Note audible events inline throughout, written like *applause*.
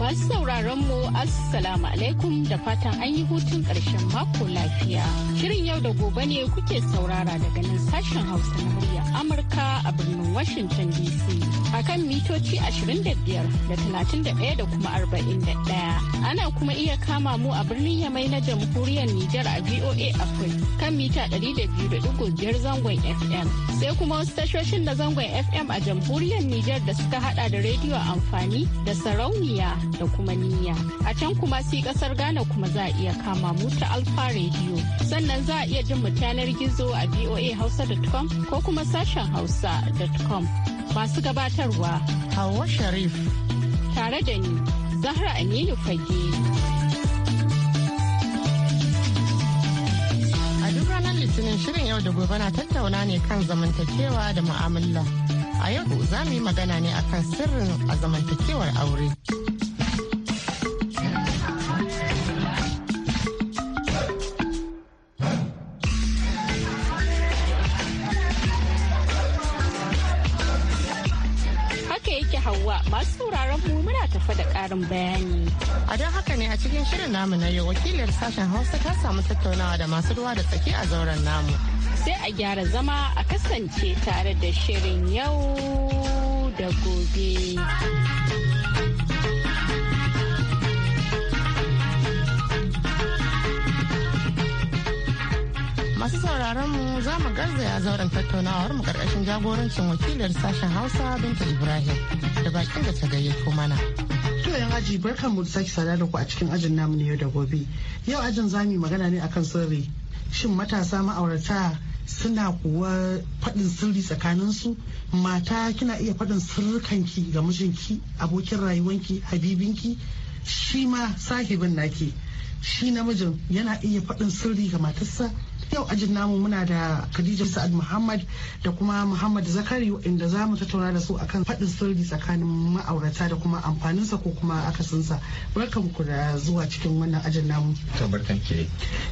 Masu sauraron mu Assalamu alaikum da fatan an yi hutun ƙarshen mako lafiya. Shirin yau da gobe ne kuke saurara daga nan sashen Hausa na murya Amurka a birnin Washington DC. Akan mitoci 25 da 31 da kuma 41. Ana kuma iya kama mu a birnin Yamai na jamhuriyar Nijar a VOA Africa kan mita 200.5 zangon FM. Sai kuma wasu tashoshin da zangon FM a jamhuriyar Nijar da suka hada da rediyo amfani da sarauniya da kuma niyya. A can kuma sai kasar Ghana kuma za a iya kama mu ta Alfa Radio. Sannan za a iya jin mu yanar gizo a voahausa.com ko kuma sashen hausa.com. Masu gabatarwa. Hawa Sharif. Tare da ni, Zahra Aminu Fage. litinin shirin yau da gobe na tattauna ne kan zamantakewa da mu'amala a yau za mu yi magana ne akan sirrin a zamantakewar aure. sauraron mu muna tafa da ƙarin bayani. A don haka ne a cikin shirin namu na yau wakiliyar sashen Hausa ta samu tattaunawa da masu ruwa da tsaki a zauren namu. Sai a gyara zama a kasance tare da shirin yau da gobe. masu sauraron mu za mu garzaya zauren tattaunawar mu karkashin jagorancin wakilar sashen hausa binta ibrahim da bakin da ta gayyato mana to yan aji barkan mu sake sada da ku a cikin ajin namu ne yau da gobe yau ajin zamu magana ne akan sirri shin matasa ma'aurata suna kuwa faɗin sirri tsakanin su mata kina iya faɗin sirrikanki ga mijinki abokin rayuwanki habibinki shi ma sahibin naki shi namijin yana iya faɗin sirri ga matarsa yau ajin namu muna da khadija sa'ad muhammad da kuma muhammad zakari inda za mu tattauna da su akan faɗin sirri tsakanin ma'aurata da kuma amfaninsa ko kuma akasinsa barkan ku da zuwa cikin wannan ajin namu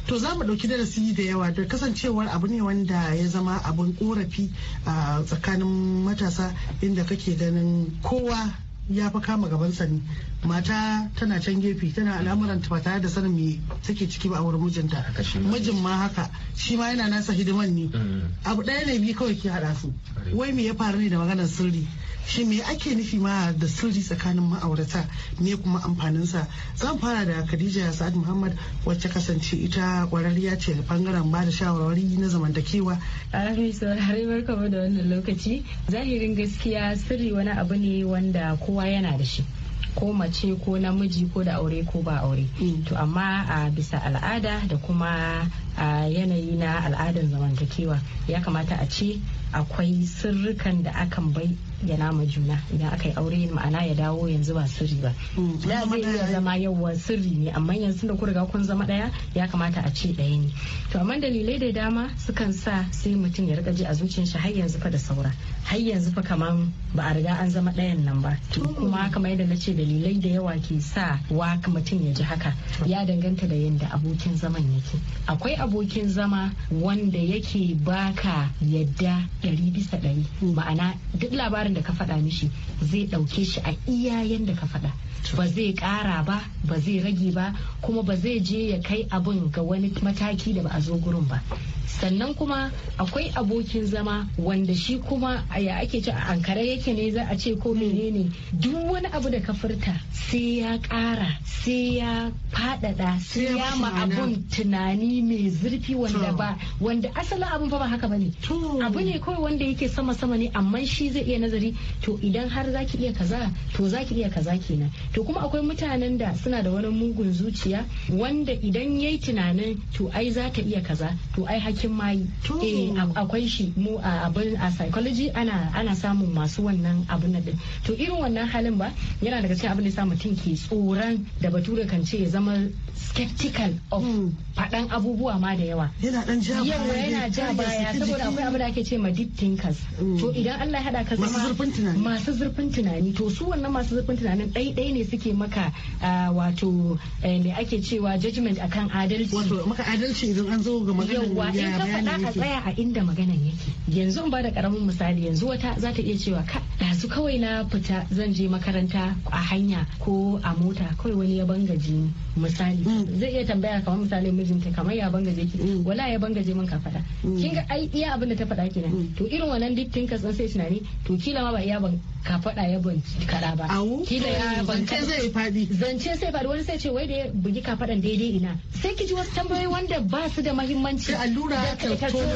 to za mu ɗauki darasi da yawa da kasancewar abu ne wanda ya zama abin korafi a tsakanin matasa inda kake ganin kowa ya fi kama gaban sani mata tana can gefe tana al'amuran ta tare da sanin me take ciki ba a wurin mijinta mijin ma haka shi ma yana nasa hidiman ne mm. abu ɗaya ne biyu kawai ke haɗa su wai me ya faru ne da maganar sirri shi me ake nufi ma da sirri tsakanin ma'aurata me kuma amfaninsa zan fara da khadija sa'ad muhammad wacce kasance ita kwararriya ce da bangaren ba da shawarwari na zamantakewa a mai barkamu da wannan lokaci zahirin gaskiya sirri wani abu ne wanda kowa yana da shi ko mace ko namiji ko da aure ko ba aure mm. to amma a bisa al'ada da kuma a yanayi na al'adar zamantakewa ya kamata a ce akwai sirrikan da akan bai ya nama juna idan aka yi aure ma'ana ya dawo yanzu ba sirri ba da mm. zai iya zama yawan sirri ne amma yanzu da kurga kun zama daya ya kamata a ce daya ne to amma dalilai da dama sukan sa sai mutum ya rika ji a zuciyar shi har yanzu fa da saura har yanzu fa kaman ba a riga an zama dayan nan ba to mm. kuma kamar yadda na ce dalilai da yawa ke sa wa mutum ya ji haka ya danganta da yanda abokin zaman yake akwai abokin zama wanda yake baka yadda 100% bisa mm. ma'ana duk labarin abin da ka faɗa mishi zai ɗauke shi a iya yadda ka faɗa ba zai ƙara ba ba zai rage ba kuma ba zai je ya kai abin ga wani mataki da ba a zo gurin ba sannan kuma akwai abokin zama wanda shi kuma ya ake ci a ankara yake ne za a ce ko menene duk wani abu da ka furta sai ya ƙara sai ya faɗaɗa sai ya ma abun tunani mai zurfi wanda ba wanda asalin abun fa ba haka ba ne abu ne kawai wanda yake sama sama ne amma shi zai iya uzuri to idan har zaki iya kaza to zaki iya kaza kenan to kuma akwai mutanen da suna da wani mugun zuciya wanda idan yayi tunanin to ai za iya kaza to ai hakin mai eh akwai shi mu a abin a psychology ana ana samun masu wannan abun din to irin wannan halin ba yana daga cikin abin da sa mutum ke tsoron da bature kan ce ya zama skeptical of hmm. faɗan abubuwa ma da yawa yana dan ja baya yana ja saboda akwai abin da ake ce ma deep thinkers hmm. to idan Allah ya hada ka zama zurfin tunani masu zurfin tunani to su wannan masu zurfin tunanin ɗaiɗai ne suke maka wato eh, me ake cewa judgment akan adalci wato maka adalci idan an zo ga maganar yawa in ka faɗa ka tsaya a inda maganar yake yanzu in ba da karamin misali yanzu wata za ta iya cewa ka ɗazu kawai na fita zan je makaranta a hanya ko a mota kawai wani ya bangaje misali mm. zai iya tambaya kamar misali mijinta kamar ya bangaje ki mm. wala ya bangaje min ka faɗa mm. kin ga ai iya abin da ta faɗa kenan to irin wannan duk tinkas sai tunani to kila kila ba ya ban ka faɗa ya ban kara ba kila ya ban zance zai faɗi zance sai faɗi wani sai ce wai da ya bugi ka faɗan daidai ina sai ki ji wasu tambayoyi wanda ba su da mahimmanci allura ta tono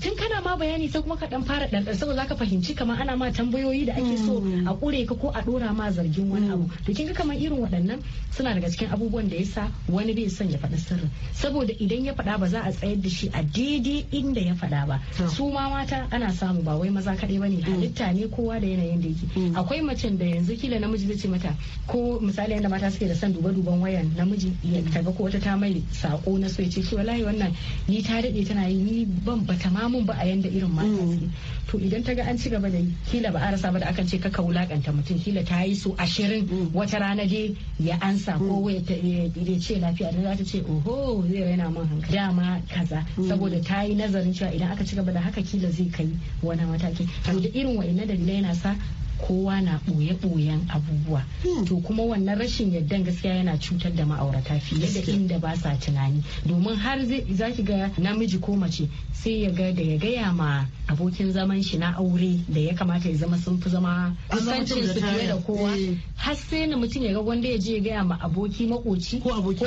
tun kana ma bayani sai kuma ka dan fara ɗanɗan saboda zaka fahimci kamar ana ma tambayoyi da ake so hmm. a kure ka ko a ɗora ma zargin wani hmm. abu to kin ga kamar irin waɗannan suna daga cikin abubuwan da ya sa wani bai son ya faɗi sirri saboda idan ya faɗa ba za a tsayar da shi a daidai inda ya faɗa ba su ma mata ana samu ba wai maza kadai bane hmm. halitta ne ne kowa da yanayin da yake mm. akwai macen da yanzu kila namiji zai ce mata ko misali yadda mata suke da son duba duban wayan namiji ya mm. taga ko wata ta mai sako na so ya ce wallahi wannan ni ta dade tana yi ni ban bata ma ba a yanda irin mata mm. suke to idan ta ga an ci gaba da kila ba a rasa ba da akan ce kaka wulakanta mutum kila ta yi so ashirin wata rana dai ya ansa ko waya ce lafiya da za ta ce oho zai raina man hankali dama kaza saboda ta yi nazarin cewa idan aka ci gaba da haka kila zai kai wani mataki to da irin wa'annan da sa kowa na ɓoye-ɓoyen abubuwa hmm. to kuma wannan rashin yardan gaskiya yana cutar da ma'aurata fiye da inda ba sa tunani domin har za ki ga namiji ko mace sai ya ga da ya gaya ma abokin zaman shi na aure da ya kamata ya zama sun fi zama kusancin su fiye da kowa eh. har sai na mutum ya ga wanda ya je ya gaya ma aboki makoci ko aboki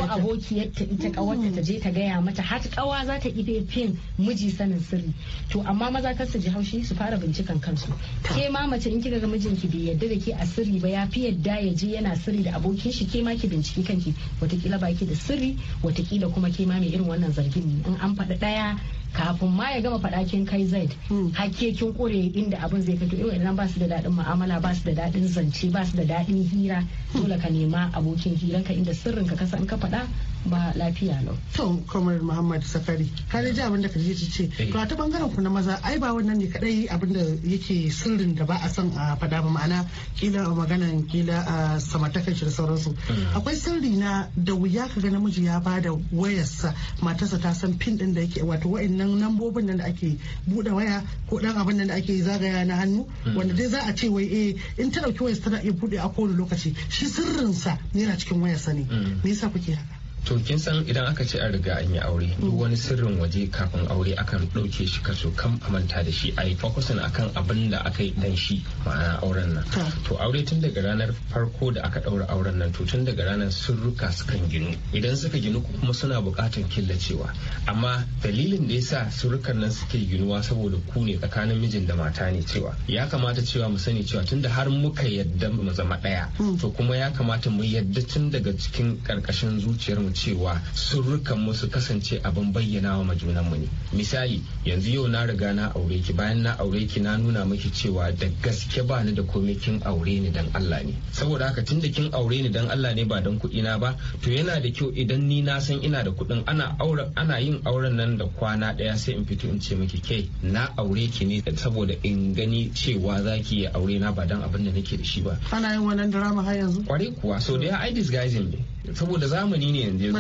ta kawarta ta je ta gaya mata har kawa za ta ife fin miji sanin sirri to amma maza kar su ji haushi su fara bincikan kansu ke ma mace in kika ga miji mijinki bai yarda da ke a sirri ba ya fi yadda ya je yana sirri da abokin shi ke ma ki binciki kanki watakila ba baki da sirri watakila kuma ke ma mai irin wannan zargin ne in an faɗi ɗaya kafin ma ya gama faɗakin kai zaid hmm. hakke kin kure inda abin zai fito irin idan ba su da daɗin mu'amala ba su da daɗin zance ba su da daɗin hira dole ka nema abokin hiranka inda sirrin ka kasa in ka faɗa ba lafiya lau. To kamar Muhammad Sakari har ji abin da Khadija ce eh. to a ta bangaren ku na maza ai ba wannan ne kadai abin da yake sirrin da ba a son a fada ba ma'ana kila maganan kila a samartakan shi da sauransu. Hmm. Akwai sirri na da wuya ka ga namiji ya ba da wayarsa matarsa ta san pin din da yake wato wa'annan lambobin nan da ake bude waya ko dan abin nan da ake zagaya na hannu hmm. wanda dai za a ce wai eh in ta dauki wayarsa tana iya bude a kowane lokaci shi sirrinsa yana cikin wayarsa ne hmm. me yasa kuke haka to kin san idan aka ce a riga an yi aure duk mm. wani sirrin waje kafin aure akan ɗauke shi kaso a manta da shi a yi fokusin akan abin da aka yi dan shi ma'ana auren nan to aure tun daga ranar farko da aka ɗaura auren nan to tun daga ranar sirruka sukan ginu idan suka ginu kuma suna buƙatar killacewa amma dalilin da yasa sirrukan nan suke ginuwa saboda ku ne tsakanin mijin da mata ne cewa ya kamata cewa mu sani cewa tunda har muka yadda mu zama ɗaya mm. to kuma ya kamata mu yadda tun daga cikin karkashin zuciyar mu cewa surrukan mu su kasance abin bayyana wa majunan mu ne misali yanzu yau na riga na aure ki bayan na aure ki na nuna miki cewa da gaske ba ni da komai kin aure ni dan Allah ne saboda haka tunda kin aure ni dan Allah ne ba dan kuɗi na ba to yana da kyau idan ni na san ina da kuɗin ana auren ana yin auren nan da kwana ɗaya sai in fito in ce miki kai na aure ki ne saboda in gani cewa zaki ya aure na ba dan abin da nake da shi ba ana yin wannan drama har yanzu kwarai kuwa so da ya disguising saboda zamani ne yanzu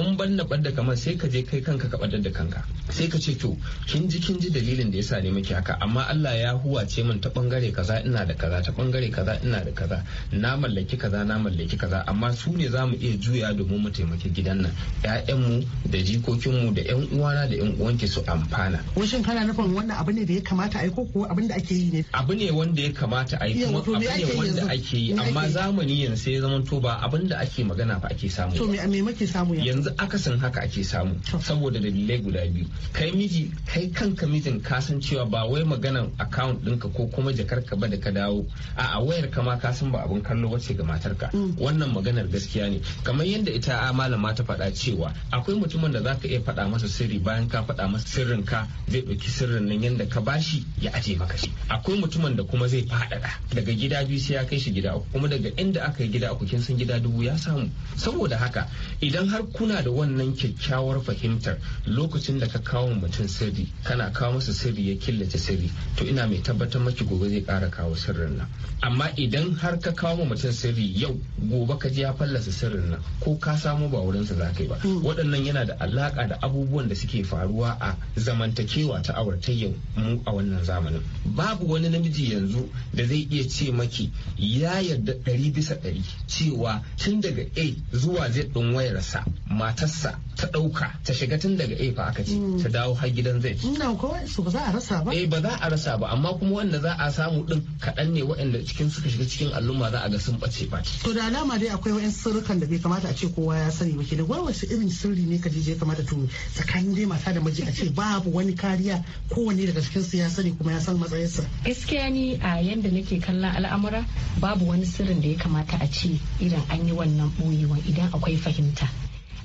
in ban na da kamar sai ka je kai kanka ka ɓaddar da kanka sai ka ce to kin ji kin ji dalilin da ya sani miki haka amma Allah ya huwace min ta bangare kaza ina da kaza ta bangare kaza ina da kaza na mallaki kaza na mallaki kaza amma su ne za mu iya juya domin mu taimaki gidan nan ƴaƴanmu da jikokinmu da ƴan uwana da ƴan uwanki su amfana shin kana nufin wannan abu ne da ya kamata a yi ko kuwa abin da ake yi ne abu ne wanda ya kamata a yi kuma abu ne wanda ake yi amma zamani yanzu sai ya to ba abin da ake magana fa ake samu to me me muke samu yanzu akasin haka ake samu saboda dalilai guda biyu kai miji kai kanka mijin ka san cewa ba wai maganan account ɗinka ko kuma jakar ka ba da ka dawo a a wayar ka ma ka san ba abin kallo bace ga matar ka. Mm. wannan maganar gaskiya ne kamar yadda ita a malama ta faɗa cewa akwai mutumin da zaka iya faɗa masa sirri bayan ka faɗa masa sirrin ka zai ɗauki sirrin nan yadda ka bashi ya aje maka shi akwai mutumin da kuma zai faɗaɗa daga gida biyu sai ya kai shi gida uku kuma daga inda aka yi gida uku kin san gida dubu ya samu saboda haka idan har kuna da wannan kyakkyawar fahimtar lokacin da ka kawo mutum sirri kana kawo masa sirri ya killace sirri to ina mai tabbatar maki gobe zai kara kawo sirrin nan amma idan har ka kawo mutum sirri yau gobe ka ji ya fallasa sirrin nan ko ka samu ba wurinsa za ka yi ba mm. waɗannan yana da alaƙa da abubuwan da suke faruwa a zamantakewa ta auratayyar mu a wannan zamanin babu wani namiji yanzu da zai iya ce maki ya yarda ɗari bisa ɗari cewa tun daga 8 zuwa zai ɗin wayarsa matarsa ta ɗauka ta shiga tun daga efa aka ce mm. ta dawo har gidan zai ci. Ina kawai su ba za a rasa ba. Eh ba za a rasa ba amma kuma wanda za a samu ɗin kaɗan ne waɗanda cikin suka shiga cikin al'umma za a ga sun ɓace ɓace. To da alama dai akwai wa'in sirrukan da bai kamata a ce kowa ya sani ba kenan wai wasu irin sirri ne ka jije kamata to tsakanin dai mata da miji a ce babu wani kariya kowanne daga cikin su ya sani kuma ya san matsayinsa. Gaskiya ni a yanda nake kallon al'amura babu wani sirrin da ya kamata a ce irin an yi wannan ɓoye rayuwa idan akwai fahimta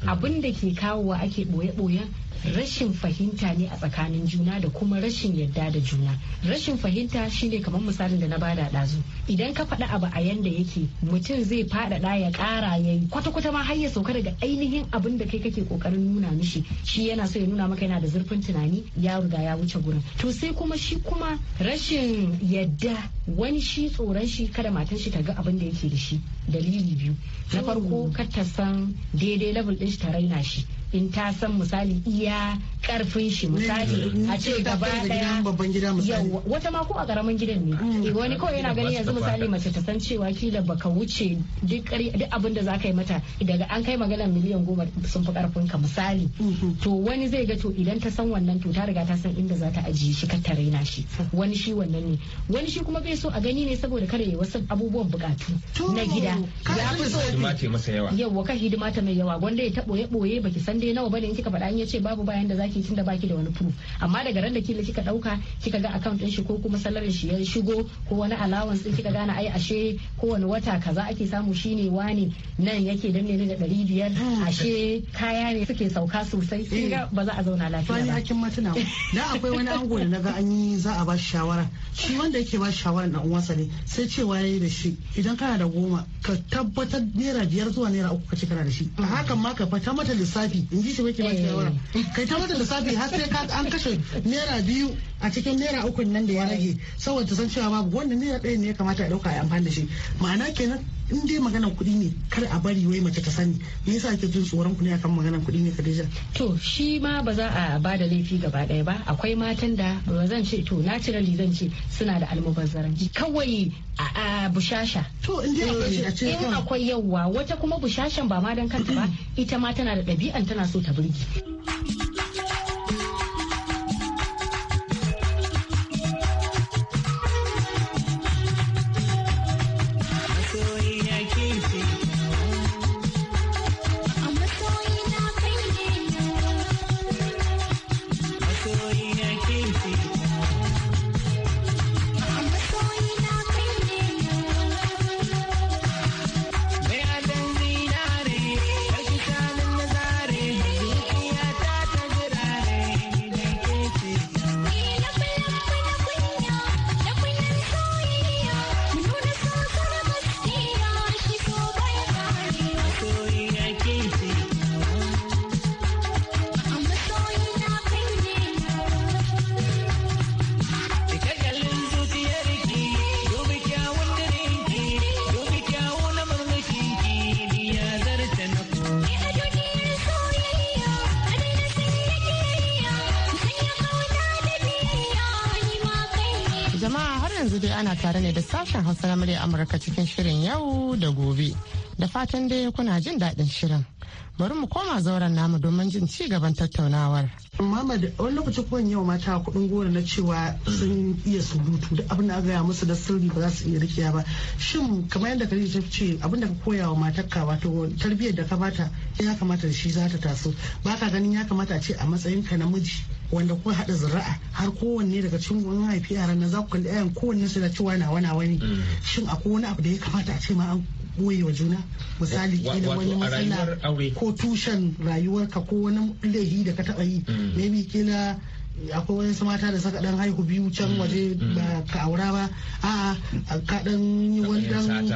abin da ke kawowa ake ɓoye ɓoye rashin fahimta ne a tsakanin juna da kuma rashin yadda da juna rashin fahimta shine kamar misalin da na bada ɗazu idan ka faɗi abu a yanda yake mutum zai faɗaɗa ya kara ya yi kwata-kwata ma har ya sauka daga ainihin abin da kai kake kokarin nuna mishi shi yana so ya nuna maka yana da zurfin tunani ya riga ya wuce gurin to sai kuma shi kuma rashin yadda wani shi tsoron shi kada matan shi ta ga abin da yake da shi dalili biyu na hmm. farko kar ta san daidai level ɗin shi ta raina shi in ta san misali iya karfin shi misali mm. a ce gaba daya wata ma ko a karamin gidan ne mm. eh, wani kawai yana gani yanzu misali mace ta san cewa kila baka wuce duk abin da za ka yi mata daga an kai magana miliyan goma sun fi karfin ka misali mm-hmm. to wani zai ga to idan ta san wannan to ta riga ta san inda za ta ajiye shi ka ta raina shi wani shi wannan ne wani shi kuma bai so a gani ne saboda kada ya wasu abubuwan bukatu na gida ya fi so yawa ka hidima ta mai yawa gwanda ya ta boye boye baki san dai nawa bane in kika faɗa in yace babu bayan da zaki tunda baki da wani proof amma daga ran da kila kika dauka kika ga account din shi ko kuma salarin shi ya shigo ko wani allowance din kika gana ai ashe kowane wata kaza ake samu shine wani nan yake danne ni da ɗari biyar ah, ashe kaya ne suke sauka sosai kin ga eh. ba za a zauna lafiya ba. Fani hakin matuna da *laughs* akwai wani ango da naga an yi za a ba shawara shi wanda yake ba shi shawara na uwansa ne sai cewa yayi da shi idan kana da goma ka tabbatar naira biyar zuwa naira uku ka ci kana da shi a hakan ma ka fata mata lissafi in ji shi wake ba shawara eh. kai ta mata lissafi har sai ka an kashe naira biyu a cikin naira ukun nan da ya rage saboda san cewa babu wannan naira ɗaya ne ya kamata a ɗauka a amfani da shi ma'ana kenan in dai maganan kuɗi ne kar a bari wai mace ta sani me yasa ake jin tsoron ne akan maganan kuɗi ne Khadija to shi ma ba za a ba da laifi gaba ɗaya ba akwai matan da ba zan ce to naturally zan ce suna da almubazzaranci kawai a bushasha to in dai akwai yawa wata kuma bushashan ba ma dan kanta ba mm. ita ma tana da ɗabi'an tana so ta birki jama'a har yanzu dai ana tare ne da sashen hausa na murya amurka cikin shirin yau da gobe da fatan dai kuna jin daɗin shirin bari mu koma zauren namu domin jin ci gaban tattaunawar. Muhammad wani lokaci kuwan yau mata kuɗin goro na cewa sun iya surutu da abin da gaya musu da sirri ba za su iya rikiya ba. Shin kamar yadda ka ta ce abin da ka koya wa matarka wato tarbiyyar da ka bata ya kamata da shi za ta taso. Ba ka ganin ya kamata a ce a matsayin ka namiji wanda ko haɗa zuri'a har kowanne daga cikin wani mahaifi yaran nan za ku kalli ɗayan kowanne su da cewa na wani wani mm. shin akwai wani abu da ya kamata a ce ma an boye wa juna misali kila wani matsala ko tushen rayuwarka ko wani laifi da ka taɓa yi mm. maybe kila akwai wasu mata da saka dan haihu biyu can mm. waje mm. ba ka aura ba a ka dan yi wani dan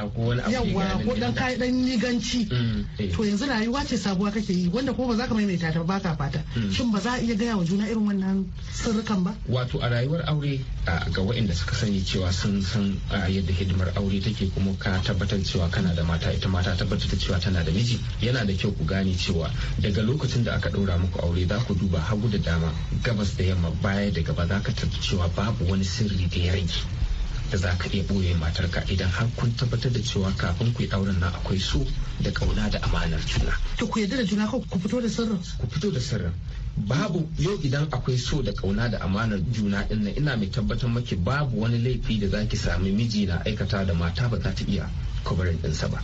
yawa ko dan kai dan liganci mm. eh. to yanzu rayuwa ce sabuwa kake yi wanda ko ba za ka maimaita ta ba ka fata shin ba za a iya gaya wa juna irin wannan sirrukan ba wato a rayuwar aure ga waɗanda suka sani cewa sun san yadda hidimar aure take kuma ka tabbatar cewa kana da mata ita mata tabbatar cewa tana da miji yana da kyau ku gane cewa daga lokacin da aka ɗaura muku aure za ku duba hagu da dama gabas da yamma baya da gaba za ka tafi cewa babu wani sirri da ya rage da za ka iya ɓoye matarka idan har kun tabbatar da cewa kafin ku yi auren na akwai so da ƙauna da amanar juna. To ku yarda da juna ko ku fito da sirrin? Ku fito da sirrin. Babu yau idan akwai so da kauna da amanar juna ina mai tabbatar maki babu wani laifi da zaki sami miji na aikata da mata ba za ta iya kwabarin ɗinsa ba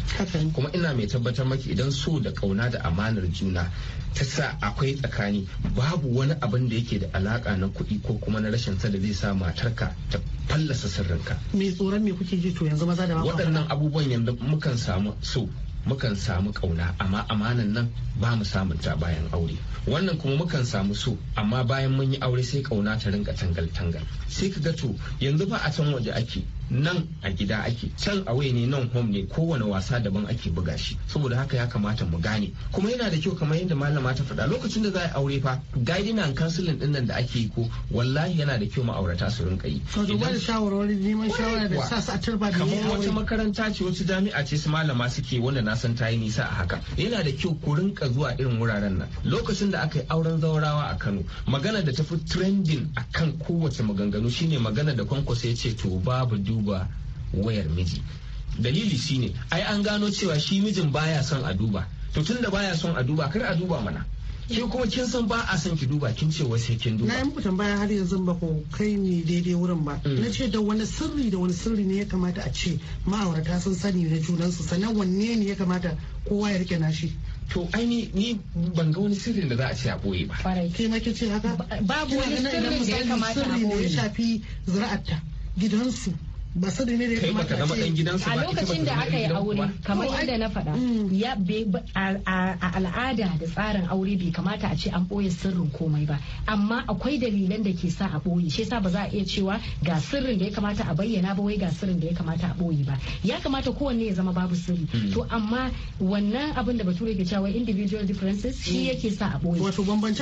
kuma ina mai tabbatar maki idan so da ƙauna da amanar juna ta sa akwai tsakani babu wani abin da yake da alaƙa na kuɗi ko kuma na rashin sa da zai sa matarka ta fallasa sirrinka me tsoron me kuke ji to yanzu maza da waɗannan abubuwan yanzu mukan samu so mukan samu kauna amma amanan nan ba mu samun ta bayan aure wannan kuma mukan samu so amma bayan mun yi aure sai ƙauna ta rinka tangal tangal sai ka ga to yanzu ba a can waje ake nan a gida ake can away ne nan home ne kowane wasa daban ake buga shi saboda haka ya kamata mu gane kuma yana da kyau kamar yadda malama ta faɗa lokacin da za a aure fa guiding and counseling din nan da ake yi ko wallahi yana da kyau ma'aurata su rinka yi to duba da shawarwari neman shawara da sa su a turba da kamar wata makaranta ce wata jami'a ce su malama suke wanda na san ta yi nisa a haka yana da kyau ku rinka zuwa irin wuraren nan lokacin da aka yi auren zaurawa a Kano magana da tafi trending akan kowace maganganu shine magana da kwankwasa ya ce to babu dubu duba wayar miji dalili shine ai an gano cewa shi mijin baya son a duba to tun da baya son a duba kar a duba mana ke kuma kin san ba a son ki duba kin ce wai sai kin duba na yi muku tambaya har yanzu ba ku kai ni daidai wurin ba mm. na ce da wani sirri da wani sirri ne ya kamata a ce ma'aurata sun sani na junansu sannan wanne ne ya kamata kowa ya rike nashi to ai ni ni ban ga wani sirrin da za a ce a boye ba ke ma ce haka babu wani sirrin da ya kamata a boye shafi zira'arta gidansu ba sani ne da ya kamata a ce a lokacin da aka yi aure kamar yadda na faɗa ya a al'ada da tsarin aure bai kamata a ce an ɓoye sirrin komai ba amma akwai dalilan da ke sa a ɓoye shi yasa ba za a iya cewa ga sirrin da ya kamata a bayyana ba wai ga sirrin da ya kamata a ɓoye ba ya kamata kowanne ya zama babu sirri hmm. to amma wannan abin da bature ke cewa individual differences shi hmm. yake sa a ɓoye wato bambance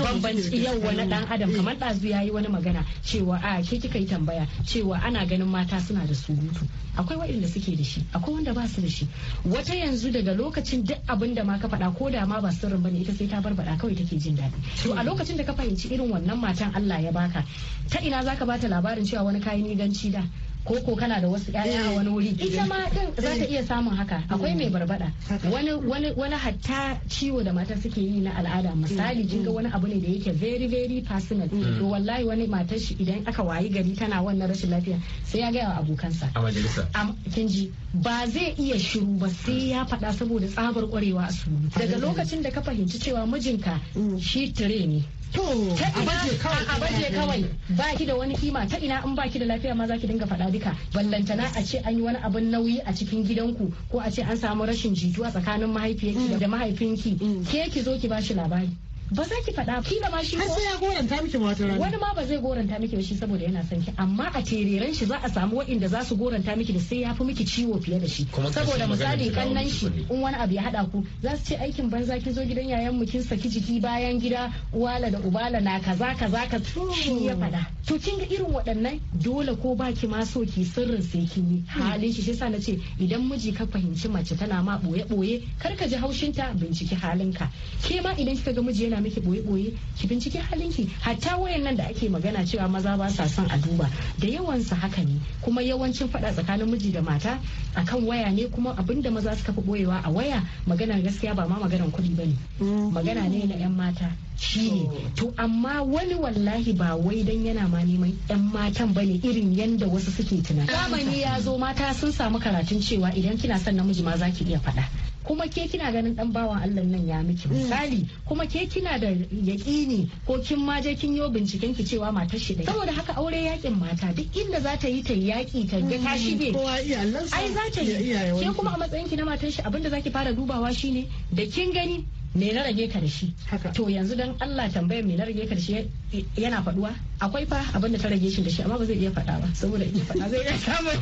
yau wani dan adam hmm. kamar ɗazu ya yi wani magana cewa a ke kika yi tambaya cewa ana ganin mata suna da surutu akwai waɗanda suke da shi akwai wanda ba su da shi wata yanzu daga lokacin duk abin da ma ka faɗa ko da ma ba sirrin bane ita sai ta barbaɗa kawai take jin daɗi to a lokacin da ka fahimci irin wannan matan Allah ya baka ta ina zaka bata labarin cewa wani kayan ganci da ko ko kana da wasu ƴaƴa a wani wuri eh, ita ma din za ta iya samun haka hmm. akwai mai barbada wani wani wani hatta ciwo da mata suke yi na al'ada hmm. misali kin ga hmm. wani abu ne da yake very very personal to wallahi wani matar shi idan aka wayi gari tana wannan rashin lafiya sai ya ga abokansa a majalisa kin ji ba zai iya shiru ba sai ya faɗa saboda tsabar kwarewa a su daga lokacin da ka fahimci cewa mijinka shi tire ne To, a baje kawai. Ba ki da wani kima ta ina in ba ki da lafiya ma za ki dinga faɗa duka. Ballantana a ce an yi wani abin nauyi a cikin gidanku ko a ce an samu rashin jituwa tsakanin mahaifiyarki mm. da mahaifinki. Mm. Ke ki zo ki ba shi labari. ba za ki faɗa kila ma shi ko ya goranta miki wata rana wani ma ba zai goranta miki ba shi saboda yana son ki amma a tereren shi za a samu waɗanda za su goranta miki da sai ya fi miki ciwo fiye da shi saboda misali kannan shi in wani abu ya haɗa ku za su ce aikin banza ki zo gidan yayan mu kin saki jiki bayan gida uwala da ubala na kaza kaza ka shi ya faɗa to kin ga irin waɗannan dole ko ba ki ma so ki sirrin sai kin yi halin shi shi sa na ce idan miji ka fahimci mace tana ma boye boye kar ka ji haushinta binciki halinka ke ma idan kika ga miji yana miki boye-boye ki binciki halinki hatta wayan nan da ake magana cewa maza ba sa son a duba da yawansa haka ne kuma yawancin fada tsakanin miji da mata akan waya ne kuma abinda maza suka fi boyewa a waya magana gaskiya ba ma maganar kuɗi ba ne mm. magana ne na 'yan mata shi ne oh. to amma wani wallahi ba wai dan yana ma neman 'yan matan ba irin yanda wasu suke tunani zamani ya zo mata sun samu karatun cewa idan kina son namiji ma za ki iya faɗa kuma ke kina ganin dan bawan Allah nan ya miki mm. misali kuma ke kina da yaƙini ko kin ma je kin yo binciken ki cewa matar shi ɗaya saboda haka aure yakin mata duk inda za ta yi ta yaƙi ta ga ta mm. shige ai za ta yi ke kuma a matsayin ki na matar shi abinda zaki fara dubawa shine da kin gani me na rage ka da to yanzu dan Allah tambayar me na rage ka yana faduwa akwai fa abin da ta rage shi da shi amma ba zai iya faɗa ba saboda in faɗa zai iya samun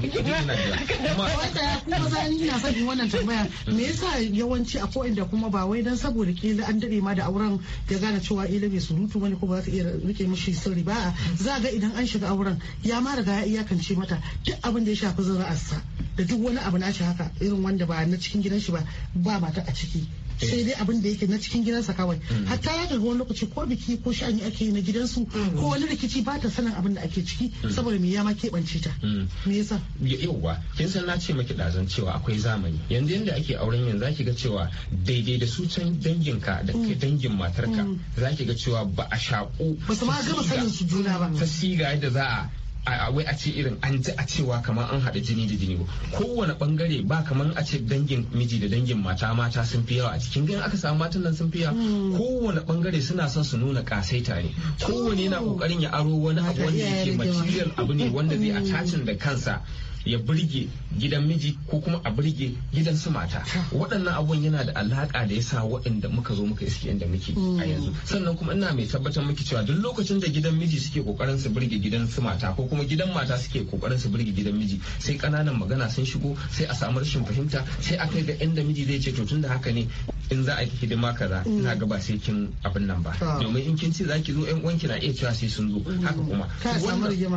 ina wannan tambaya me yasa yawanci a ko inda kuma ba wai dan saboda kila an dade ma da auren ya gane cewa ila bai surutu wani ko ba za ta iya rike mishi sirri ba za ga idan an shiga auren ya ma riga ya iyakance mata duk abin da ya shafi zuri'arsa da duk wani abu na shi haka irin wanda ba na cikin gidan shi ba ba mata a ciki sai dai abin da yake na cikin gidansa kawai mm. hatta ya kaga wani lokaci ko biki ko sha'ani ake yi na gidan su. Mm. ko wani rikici ba ta sanin abin da ake ciki mm. saboda me ya ma keɓance ta me yasa Yawwa kin san na ce maki dazan cewa akwai zamani yanzu yanda ake auren yanzu zaki ga cewa daidai da su can ka da kai dangin matarka zaki ga cewa ba a shaƙu ba su ma gama sanin su juna ba ta siga yadda za a wai a ce irin an ji a cewa kamar an haɗa jini da jini ba kowane bangare ba kamar a ce dangin miji da dangin mata mata sun fi yawa a cikin gan aka samu matan nan sun fi yawa hmm. kowane bangare suna son su nuna kasaita ne kowane yana kokarin ya aro wani abu wanda yake material abu ne wanda zai hmm. attachin da kansa ya burge gidan miji ko kuma a burge gidan su mata waɗannan abun yana da alaƙa da ya sa waɗanda muka zo muka iske inda muke a hmm. yanzu sannan kuma ina mai tabbatar miki cewa duk lokacin da gidan miji suke kokarin su burge gidan su mata ko kuma gidan mata suke kokarin su burge gidan miji sai ƙananan magana sun shigo sai a samu rashin fahimta sai a kai ga inda miji zai ce to tun da haka ne in za a yi hidima kaza hmm. ina ga ba sai kin abin nan ba domin in kin ce ki zo yan uwanki na iya cewa sai sun zo hmm. haka kuma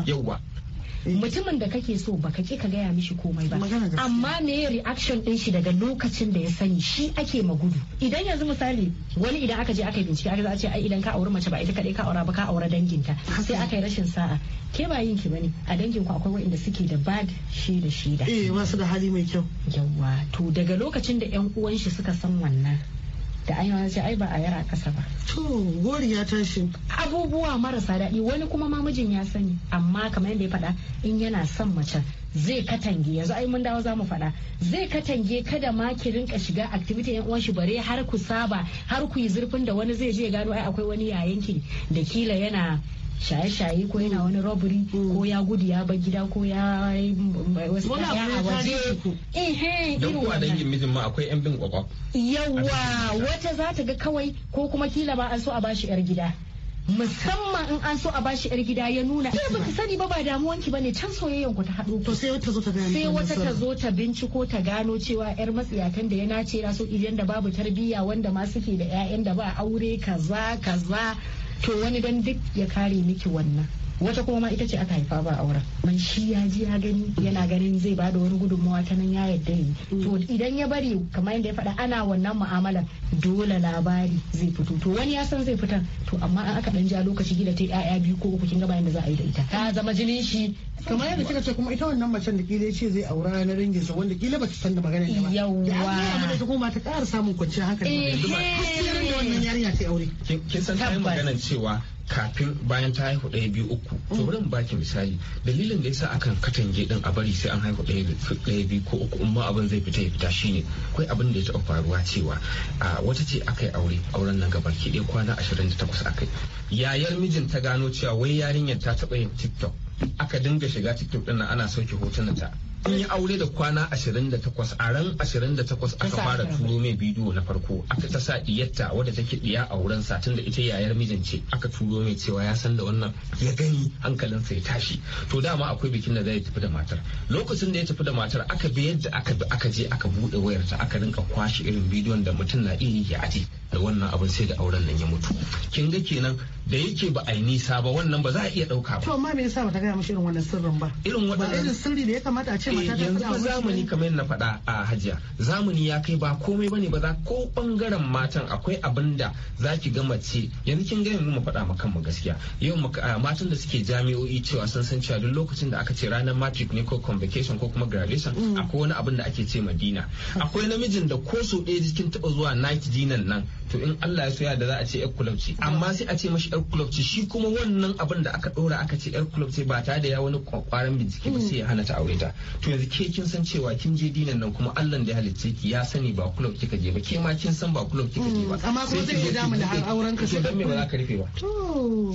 yauwa Eh. mutumin da kake so baka ki ka gaya mishi komai ba amma me reaction din shi daga lokacin da ya sani shi ake magudu idan yanzu misali wani idan aka je aka yi bincike aka za a ce ai idan ka auri mace ba ita kadai ka aura ba ka aura danginta sai aka yi rashin sa'a ke ba yin ki bane a dangin ku akwai wanda suke da bad shi da shi da eh masu da hali mai kyau yawa to daga lokacin da yan uwan shi suka san wannan da an wani ai ba a yara kasa ba. To gori ya tashi. Abubuwa marasa daɗi wani kuma ma mijin ya sani amma kamar yadda ya faɗa in yana son mace zai katange yanzu ai mun dawo za mu faɗa zai katange kada ma ki rinka shiga activity yan uwan shi bare har ku saba har ku yi zurfin da wani zai je gano ai akwai wani yayanki da kila yana shaye-shaye ko yana wani robbery ko ya gudu ya bar gida ko ya yi wasu ya a waje eh don kuwa dangin mijin ma akwai yan bin kwakwa yawa wata za ta ga kawai ko kuma kila ba an so a bashi yar gida musamman in an so a bashi yar gida ya nuna ke ba ki sani ba ba damuwan ki ne can soyayyan ku ta haɗo to sai wata zo ta gano sai wata ta zo ta binciko ta gano cewa yar matsiyatan da ya nace na so idan da babu tarbiyya wanda ma suke da ƴaƴan da ba aure kaza kaza to wani dan duk ya kare miki wannan wata kuma ita ce aka haifa ba auren man shi ya ji ya gani yana ganin zai bada wani gudunmawa ta nan ya yadda yi to idan ya bari kamar yadda ya faɗa ana wannan mu'amala dole labari zai fito to wani ya san zai fitan to amma an aka dan ja lokaci gida ta yaya biyu ko uku kin ga bayan da za a yi da ita ta zama jinin shi kamar yadda kika ce kuma ita wannan macen da kila ce zai aura na ringin sa wanda kila bata san da magana ne ba yawa ya ta kuma ta ƙara samun kwanciyar hankali da wannan yarinya ta aure kin san ta maganar cewa kafin bayan ta haihu ɗaya biyu uku to mm. bari baki misali dalilin da yasa akan katange ɗin a bari sai an haihu ɗaya biyu ko uku umma abin zai fita ya fita shine akwai abin da ya taɓa faruwa cewa a wata ce aka aure auren nan gaba ke ɗaya kwana ashirin da takwas akai yayar mijin ta gano cewa wai yarinyar ta taɓa yin tiktok aka dinga shiga tiktok ɗin ana sauke ta. sun yi aure da kwana ashirin 28 a ran takwas aka fara turo mai bidiyo na farko aka ta sa iyatta wadda take diya a wurin sa da ita yayar mijin aka turo mai cewa ya san da wannan ya gani hankalinsa ya tashi to dama akwai bikin da zai tafi da matar lokacin da ya tafi da matar aka bi yadda aka bi aka je aka bude wayarta aka rinka kwashe irin bidiyon da mutum na iya ya aje da wannan abin sai da auren nan ya mutu kin ga kenan da yake ba a yi nisa ba wannan ba za a iya dauka ba to amma me yasa ba ta gaya mishi irin wannan sirrin ba irin wannan irin sirri da ya kamata a ce eh, mata ta yanzu zamani kamar na faɗa a hajiya zamani ya kai ba komai bane ba za ko bangaren matan akwai abinda da ki ga mace yanzu kin ga yanzu mu faɗa ma kanmu gaskiya yau matan da suke jami'o'i cewa sun san cewa duk lokacin da aka ce ranar matric ne ko convocation ko kuma graduation mm. akwai wani abin da ake ce madina akwai namijin da ko so ɗaya jikin taɓa zuwa night dinan nan to in Allah ya so da za a ce yar kulabci amma sai a ce mashi yar kulabci shi kuma wannan abin da aka dora aka ce yar kulabci ba tare da ya wani kwaran bincike ba sai ya hana ta aure ta to yanzu ke kin san cewa kin je dinan nan kuma Allah da ya halicce ki ya sani ba kulab kika je ba ke ma kin san ba kulab kika je ba mm, amma ko zai iya mu da har auren ka sai dan me ba za ka rufe ba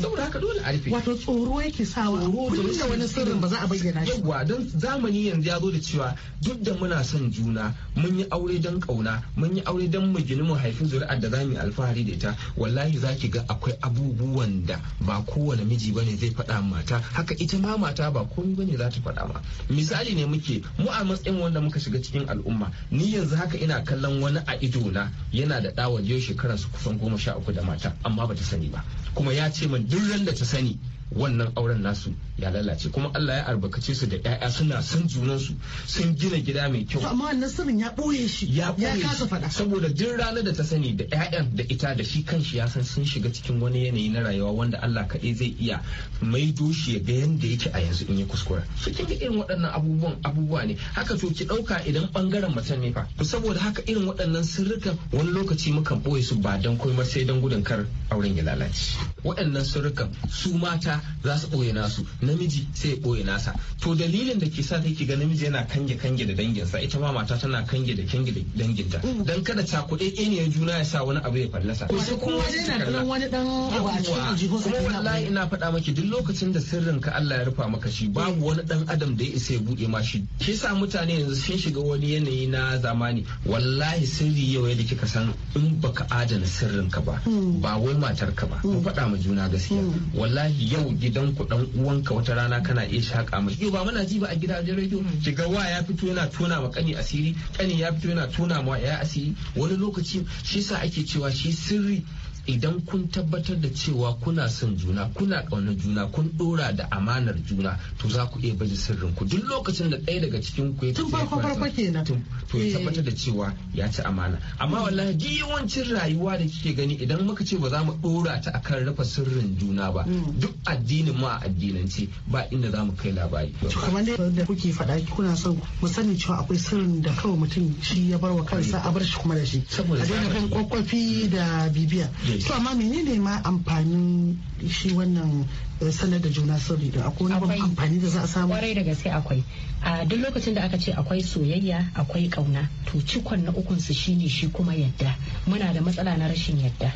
saboda haka dole a rufe wato tsoro yake wa kullum da wani sirrin ba za a bayyana shi yawa don zamani yanzu ya zo da cewa duk da muna son juna mun yi aure don kauna mun yi aure don mu gini mu haifi zuri'ar da mai alfahari da ita wallahi za ki ga akwai abubuwan da ba kowane miji bane zai faɗa mata haka ita ma mata ba komai bane za ta faɗa ma misali ne muke mu a matsayin wanda muka shiga cikin al'umma ni yanzu haka ina kallon wani a ido na yana da ɗawar yau shekarar su kusan goma sha uku da mata amma ba ta sani ba kuma ya ce min duk ran da ta sani wannan auren nasu ya lalace kuma Allah ya albarkace su da ƴaƴa suna san junansu sun gina gida mai kyau amma wannan sirrin ya boye shi ya kasa fada saboda duk ranar da ta sani da ƴaƴan da ita da shi kanshi ya san sun shiga cikin wani yanayi na rayuwa wanda Allah kaɗai zai iya maido shi ya ga yanda yake a yanzu in ya kuskura su kinga irin waɗannan abubuwan abubuwa ne haka to ki ɗauka idan ɓangaren mutum ne fa saboda haka irin waɗannan sirrukan wani lokaci mukan boye su ba dan komai sai dan gudun kar auren ya lalace waɗannan sirrukan su mata za su ɓoye nasu namiji sai ya ɓoye nasa to dalilin da ke sa ki ga namiji yana kange kange da danginsa ita ma mata tana kange da kange da danginta mm. dan kada cakuɗe ya juna ya sa wani abu ya fallasa ko sai kuma yana kallon wani dan abu a cikin jihun kuma wallahi ina faɗa maki duk lokacin da sirrin ka Allah ya rufa maka shi babu wani dan adam da ya isa ya buɗe ma shi ke sa mutane yanzu sun shiga wani yanayi na zamani wallahi sirri yau yadda kika san in baka adana sirrin ka ba mm. ba wai matar ka ba ku mm. faɗa ma juna gaskiya wallahi yau gidan ku dan uwanka wata rana kana iya shaka mai yau ba muna ji ba a gidajen rediyo shiga mm. wa ya fito yana tona ma kani asiri kani ya fito yana tona ma ya asiri wani lokaci shi sa ake cewa shi sirri idan kun tabbatar da cewa kuna son juna kuna ƙaunar juna kun ɗora da amanar juna to za ku iya baje sirrin ku duk lokacin da ɗaya daga cikin ku ya tun farko farko kenan to ya eh. tabbatar da cewa ya ci amana amma wallahi duk yawancin rayuwa da kike gani idan muka ce ba za mu ɗora ta akan rufe sirrin juna ba mm. duk addinin ma addinance ba inda za mu kai labari kamar da kuke faɗa kuna son mu sani cewa akwai sirrin da kawai mutum shi ya bar wa kansa a bar shi kuma da shi Saboda a daina kan kwakwafi da bibiya to amma menene ma amfanin shi wannan eh, sanar da juna sirri da akwai wani amfani da za a samu kwarai da gaske akwai a duk lokacin da aka ce akwai soyayya akwai kauna to cikon na ukun su shine shi kuma yadda muna da matsala na rashin yadda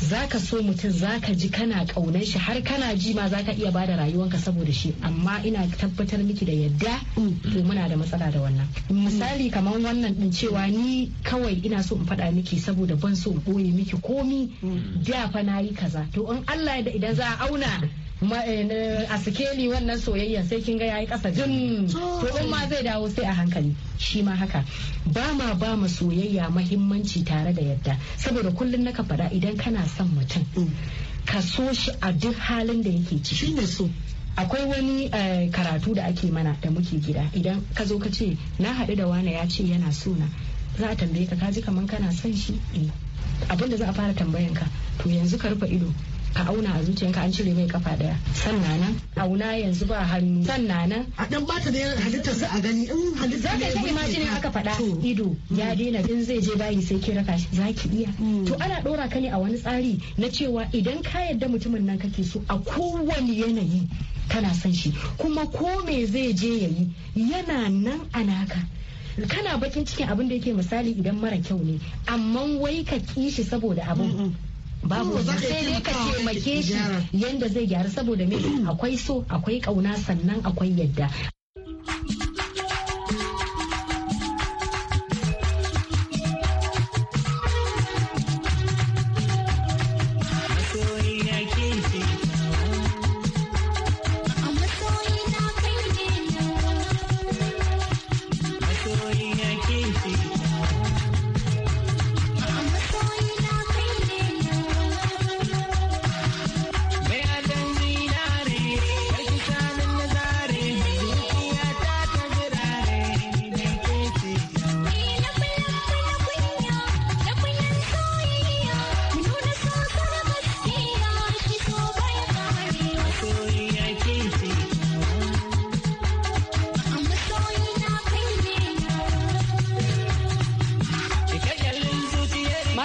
zaka so mutum zaka ji kana ƙaunan shi har kana ji ma zaka iya bada rayuwanka saboda shi amma ina tabbatar miki da yadda to muna da matsala da wannan misali kamar wannan din cewa ni kawai ina so in faɗa miki saboda ban so in ɓoye miki komi da fa nayi kaza to in Allah da idan za a auna Eh, a sikeli wannan soyayya sai kin ga yayi kasa jin oh. to in ma zai dawo sai a hankali shi ma haka ba ma ba ma soyayya mahimmanci tare da yadda saboda kullum naka faɗa idan kana son mutum mm. ka so shi a duk halin da yake ciki shine so akwai wani eh, karatu da ake mana da muke gida idan ka zo ka ce na haɗu da wani ya ce yana so na za a tambaye ka kaji kaman kana son shi eh. Abinda za a fara tambayanka to yanzu ka rufe ido ka auna a zuciyanka an cire mai kafa daya sannan nan auna yanzu ba hannu sannan nan a dan bata da halitta sa a gani in halittar za ka yi ne aka faɗa ido ya daina din zai je bayi sai ki raka shi zaki iya hmm. to ana dora ka ne a wani tsari na cewa idan ka yadda mutumin nan kake so a kowane yanayi kana san shi kuma ko me zai je yayi yana nan a naka kana bakin cikin abin da yake misali idan mara kyau ne amma wai ka kishi saboda abin babu sai dai ka taimake shi yanda zai gyara saboda me akwai so akwai kauna sannan akwai yadda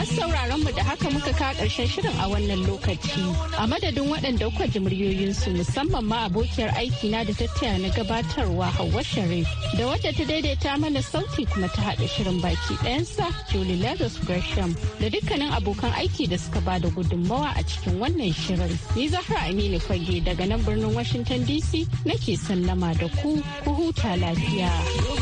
Masu sauraron mu da haka muka kawo ƙarshen shirin a wannan lokaci. A madadin waɗanda kuka ji muryoyinsu musamman ma abokiyar aiki na da tattaya na gabatarwa Hauwa Sharif da wadda ta daidaita mana sauti kuma ta haɗa shirin baki ɗayansa Julie Lagos Gresham da dukkanin abokan aiki da suka ba da gudunmawa a cikin wannan shirin. Ni Zahra Aminu Fage daga nan birnin Washington DC nake sallama da ku ku huta lafiya.